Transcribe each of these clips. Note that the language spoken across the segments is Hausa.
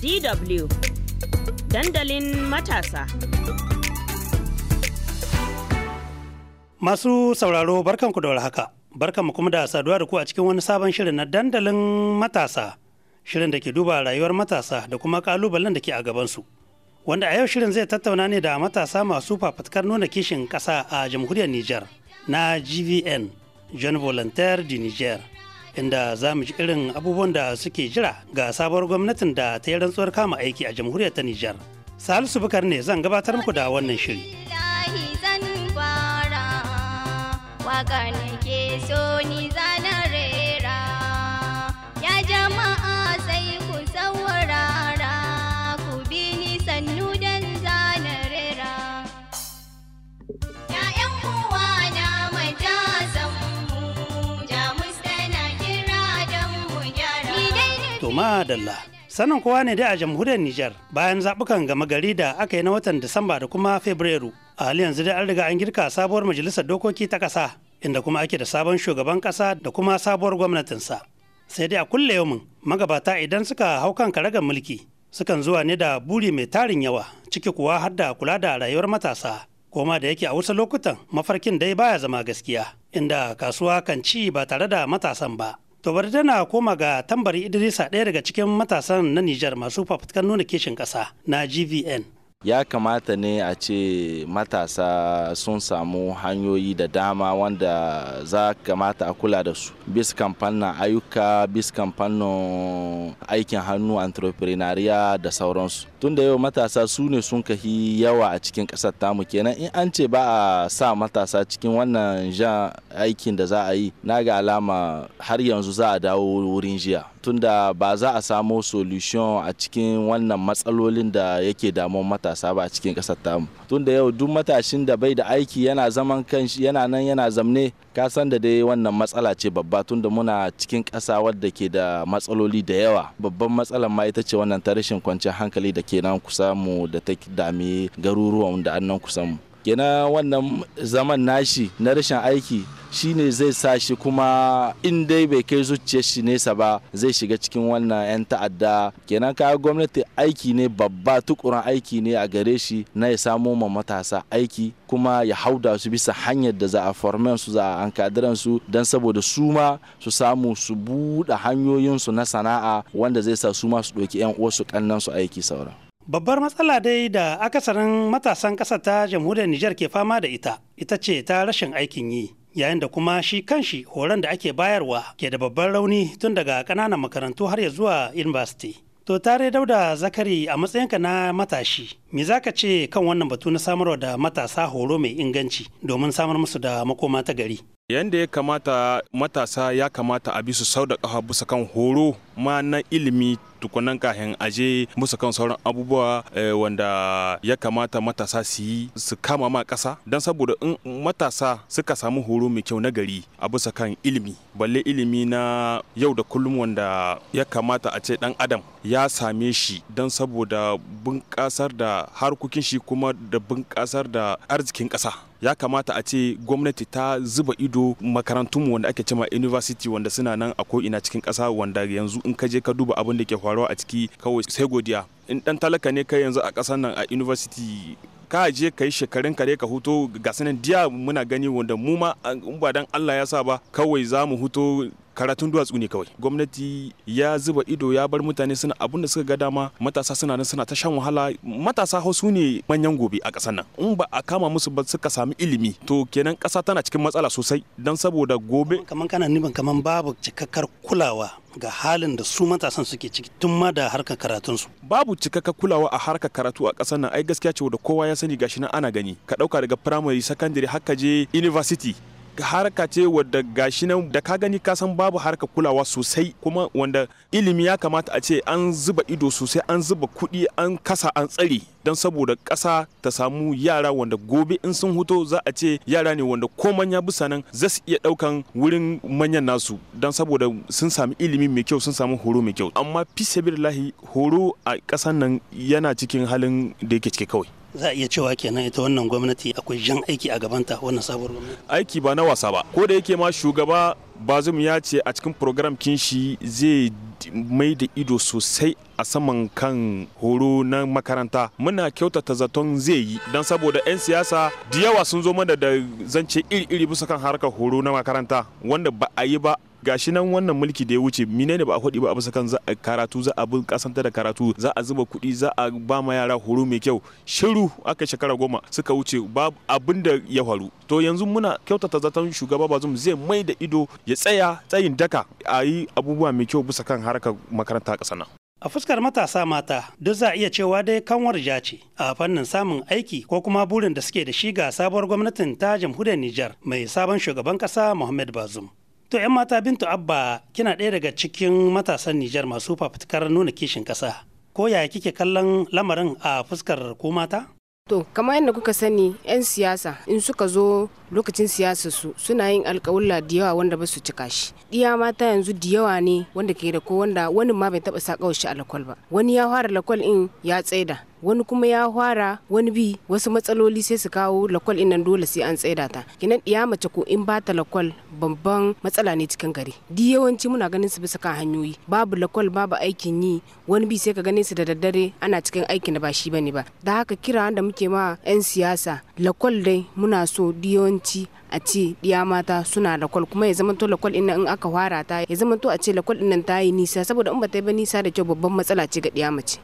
DW dandalin matasa. Masu sauraro barkanku da warhaka. mu kuma da saduwa da ku a cikin wani sabon shirin na dandalin matasa. Shirin da ke duba rayuwar matasa da kuma kalubalen da ke a gabansu. Wanda a yau shirin zai tattauna ne da matasa masu fafatkar nuna kishin ƙasa a jamhuriyar Niger na GVN, Jeune Volunteer di Niger. inda za mu ji irin abubuwan da suke jira ga sabuwar gwamnatin da ta yi rantsuwar kama aiki a jamhuriyar ta Nijar. Salisu Bukar ne zan gabatar muku da wannan shiri. Waƙa nake so ni zanar To Dalla, Sanin kowa ne dai a jamhuriyar Nijar bayan zaɓukan gama gari da aka yi na watan Disamba da kuma Fabrairu. A hali yanzu dai an riga an girka sabuwar majalisar dokoki ta ƙasa inda kuma ake da sabon shugaban ƙasa da kuma sabuwar gwamnatinsa. Sai dai a kulle yau magabata idan suka hau kan karagar mulki sukan zuwa ne da buri mai tarin yawa ciki kuwa har da kula da rayuwar matasa koma da yake a wasu lokutan mafarkin dai baya zama gaskiya inda kasuwa kan ci ba tare da matasan ba To bari tana koma ga tambari Idrisa ɗaya daga cikin matasan na Nijar masu fafutukar nuna kishin ƙasa na GVN. Ya kamata ne a ce matasa sun samu hanyoyi da dama wanda za kamata a kula da su. Biskan fannin ayyuka, biskan fannin aikin hannu, entrepreneuria da sauransu. tun da yau matasa su ne sun kahi yawa a cikin kasar tamu kenan in an ce ba a sa matasa cikin wannan jan aikin da za a yi na ga alama har yanzu za a dawo wurin jiya tun da ba za a samo solution a cikin wannan matsalolin da yake damun matasa ba a cikin kasar tamu da yau duk matashin da bai da aiki yana zaman kanshi yana nan yana zamne ka san da dai wannan matsala ce babba tunda muna cikin ƙasa wadda ke da matsaloli da yawa babban matsalar ma ita ce wannan ta rashin kwanciyar hankali da kenan kusa mu da ta dami garuruwan da annan kusan mu Gina wannan zaman nashi na rashin aiki shine zai sa shi kuma in dai bai kai zuciyar shi nesa ba zai shiga cikin wannan 'yan ta'adda kenan kayan gwamnati aiki ne babba tukuran aiki ne a gare shi na ya samo ma matasa aiki kuma ya hauda su bisa hanyar da za a formen su za a kadiran su don saboda su ma su samu su buɗe hanyoyinsu na sana'a wanda zai sa su ma su ɗauki 'yan uwarsu kannan su aiki sauran Babbar matsala dai da akasarin matasan ƙasa ta jamhuriyar Nijar ke fama da ita, ita ce ta rashin aikin yi, yayin da kuma shi kanshi horon da ake bayarwa ke da babban rauni tun daga ƙananan makarantu har ya zuwa university. To tare dauda zakari a matsayinka na matashi, me za ka ce kan wannan batu na samarwa da matasa horo mai inganci domin samar musu da makoma ta gari? yanda ya kamata matasa ya kamata a bisu sau da ƙafa bisa kan horo ma na ilimi tukunan kahin aje musu kan sauran abubuwa eh, wanda ya kamata matasa su yi su kama ma ƙasa don saboda in matasa suka samu horo mai kyau na gari a bisa kan ilimi balle ilimi na yau da kullum wanda ya kamata a ce dan adam ya same shi don saboda bunƙasar da harkokin shi kuma da bunƙasar da arzikin ƙasa ya kamata a ce gwamnati ta zuba ido makarantun wanda ake cema university wanda suna nan a ina cikin ƙasa wanda yanzu in ka je ka duba abin da ke faruwa a ciki kawai sai godiya in dan talaka ne ka yanzu a ƙasar nan a university ka je ka yi shekarun kare ka huto ga sanin diya muna gani wanda mu ma ba dan Allah ya sa ba kawai za mu huto karatun duwatsu ne kawai gwamnati ya zuba ido ya bar mutane suna abun suka ga dama matasa suna nan suna ta shan wahala matasa su ne manyan gobe a ƙasar nan in ba a kama musu ba suka sami ilimi to kenan ƙasa tana cikin matsala sosai don saboda gobe kaman kana niban kaman babu cikakkar kulawa ga halin da su matasan suke ciki tun ma da harkar karatunsu. Babu cikakkar kulawa a harkar karatu a ƙasar nan ai gaskiya ce da kowa ya sani gashi nan ana gani. Ka ɗauka daga primary, secondary, haka je university harka ce wadda gashi nan da ka gani ka san babu harka kulawa sosai kuma wanda ilimi ya kamata a ce an zuba ido sosai an zuba kuɗi an kasa an tsare don saboda ƙasa ta samu yara wanda gobe in sun huto za a ce yara ne wanda ko manya bisa nan za su iya ɗaukan wurin manyan nasu don saboda sun sami ilimi mai kyau sun sami horo mai kyau amma fi lahi horo a kasan nan yana cikin halin da yake cike kawai za a iya cewa kenan ita wannan gwamnati akwai jan aiki a gabanta wannan sabuwar gwamnati aiki ba na wasa ba ko da yake ma shugaba bazum ya ce a cikin program kinshi zai mai da ido sosai a saman kan horo na makaranta muna kyautata zaton zai yi don saboda 'yan siyasa da yawa sun zo mana da zance iri-iri bisa kan harkar horo na makaranta wanda ba a yi ba gashi nan wannan mulki da ya wuce mine ne ba a faɗi ba a bisa kan a karatu za a bin kasanta da karatu za a zuba kuɗi za a ba ma yara horo mai kyau shiru aka shekara goma suka wuce babu abin da ya faru to yanzu muna kyautata zaton shugaba bazum zai mai da ido ya tsaya tsayin daka a yi abubuwa mai kyau bisa kan harkar makaranta ƙasa nan A fuskar matasa mata duk za a iya cewa dai kanwar ja ce a fannin samun aiki ko kuma burin da suke da shi ga sabuwar gwamnatin ta jamhuriyar Nijar mai sabon shugaban kasa Muhammad bazum. To 'yan mata Bintu Abba kina ɗaya daga cikin matasan Nijar masu fafutukar nuna kishin ƙasa. Ko yaya kike kallon lamarin a fuskar ko mata? To, kamar yadda kuka sani 'yan siyasa in suka zo lokacin siyasa su suna yin alkawula da yawa wanda ba su cika shi iya mata yanzu da yawa ne wanda ke da ko wanda wani ma bai taba sakawa shi a lakwal ba wani ya fara lakwal in ya tsaida wani kuma ya fara wani bi wasu matsaloli sai su kawo lakwal in nan dole sai an tsaida ta kinan iya mace ko in ba ta lakwal babban matsala ne cikin gari di yawanci muna ganin su bisa kan hanyoyi babu lakwal babu aikin yi wani bi sai ka ganin su da daddare ana cikin aikin da ba shi bane ba da haka kira da muke ma 'yan siyasa lakwal dai muna so di yawanci a ce ɗiya mata suna lakwal kuma ya zama to lakwal ina in aka fara ta ya zama to a ce lakwal ɗin ta yi nisa saboda in ba ta yi ba nisa da kyau babban matsala ce ga ɗiya mace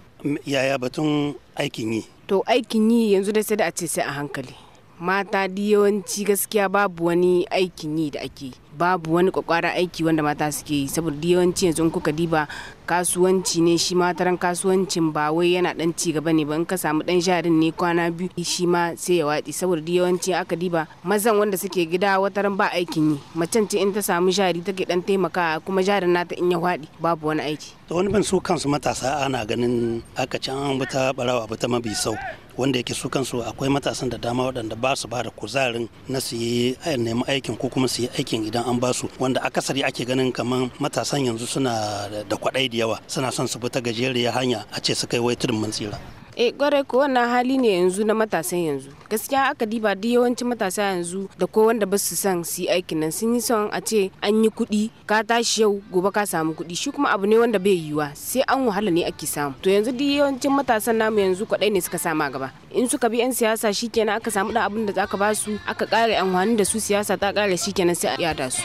yaya batun aikin yi to aikin yi yanzu da sai da a ce sai a hankali mata yawanci gaskiya babu wani aikin yi da ake babu wani kwakwara aiki wanda mata suke yi saboda yawanci yanzu in kuka diba kasuwanci ne shi ma taran kasuwancin ba wai yana dan ci gaba ne ba in ka samu dan jarin ne kwana biyu shi ma sai ya watsi saboda yawanci aka diba mazan wanda suke gida wataran ba aikin yi macen ce in ta samu jari take dan taimaka kuma jarin nata in ya waɗi babu wani aiki to wani ban su kansu matasa ana ganin aka can an bata barawa bata mabi sau wanda yake su kansu akwai matasan da dama waɗanda ba su ba da kuzarin na su yi eh, nemi aikin ko kuma su yi aikin idan an ba su wanda akasari ake ganin kamar matasan yanzu suna da kwaɗai da yawa suna son su bi ta gajeriyar hanya a ce su kai wai tudun mun tsira eh kwarai ko wannan hali ne yanzu na matasan yanzu gaskiya aka diba duk yawancin matasa yanzu da ko wanda ba su son su yi aikin nan sun yi son a ce an yi kuɗi ka tashi yau gobe ka samu kuɗi shi kuma abu ne wanda bai yiwa sai an wahala ne ake samu to yanzu duk yawancin matasan namu yanzu kwaɗai ne suka sama gaba in suka bi yan siyasa shikenan aka samu da abin da za ka ba su aka ƙara amfani da su siyasa ta ƙara shikenan sai a yada su.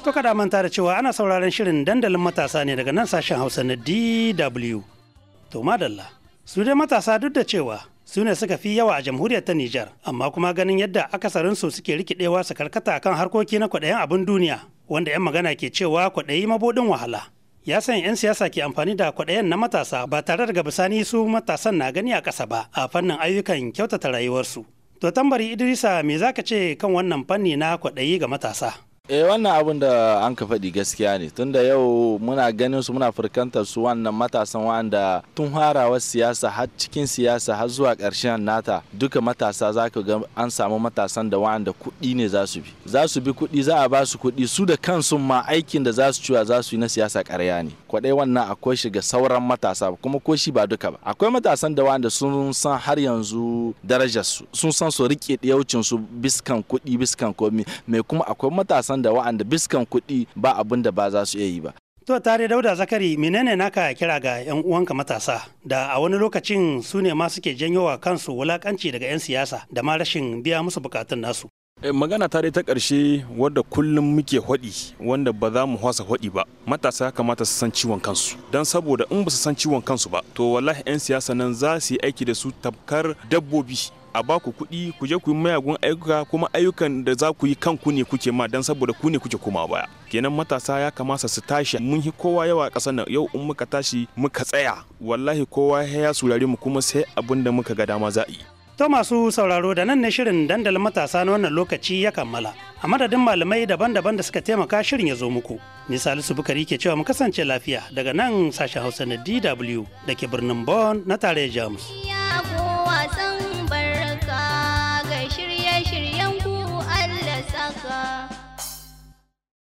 To kada manta da cewa ana sauraron shirin dandalin matasa ne daga nan sashen Hausa na DW. To madalla, su dai matasa duk da cewa su ne suka fi yawa a jamhuriyar ta Nijar, amma kuma ganin yadda akasarin su suke rikidewa su karkata kan harkoki na kwaɗayin abin duniya, wanda 'yan magana ke cewa kwaɗayi mabuɗin wahala. ya san 'yan siyasa ke amfani da kwaɗayen na matasa ba tare da bisani su matasan na gani a kasa ba a fannin ayyukan kyautata rayuwarsu. To tambari Idrisa me zaka ce kan wannan fanni na kwaɗayi ga matasa? eh wannan abin da an ka faɗi gaskiya ne tun da yau muna ganin su muna furkantar su wannan matasan wanda tun harawa siyasa har cikin siyasa har zuwa ƙarshen nata duka matasa za ka ga an samu matasan da wanda kuɗi ne za su bi za su bi kuɗi za a ba su kuɗi su da kansu ma aikin da za su ciwa za su yi na siyasa ƙarya ne kwaɗai wannan akwai shi ga sauran matasa kuma ko shi ba duka ba akwai matasan da wanda sun san har yanzu darajar su sun san su riƙe ɗiyaucin su biskan kuɗi biskan komi mai kuma akwai matasan wanda wa'anda biskan kuɗi ba abin da ba za su iya yi ba To tare dauda zakari menene naka kira ga 'yan uwanka matasa da a wani lokacin su ne ma suke janyo wa kansu wulakanci daga 'yan siyasa da ma rashin biya musu bukatun nasu. Eh, magana ta dai ta ƙarshe wadda kullum muke haɗi wanda ba za mu hwasa haɗi ba matasa ya kamata su san ciwon kansu don saboda in ba su san ciwon kansu ba to wallahi 'yan siyasa nan za su yi aiki da su tafkar dabbobi a ba ku kuɗi ku je ku yi mayagun ayyuka kuma ayyukan da za ku yi kanku ne kuke ma dan saboda ku ne kuke koma baya kenan matasa ya kamata su tashi mun yi kowa yawa a ƙasar nan yau in muka tashi muka tsaya wallahi kowa ya surare mu kuma sai abin da muka ga dama za yi To masu sauraro da nan ne shirin dandalin matasa na wannan lokaci ya kammala. A madadin malamai daban-daban da suka taimaka shirin ya zo muku. Ni Salisu Bukari ke cewa mu kasance lafiya daga nan sashen Hausa na DW dake birnin bon na tarayyar Jamus.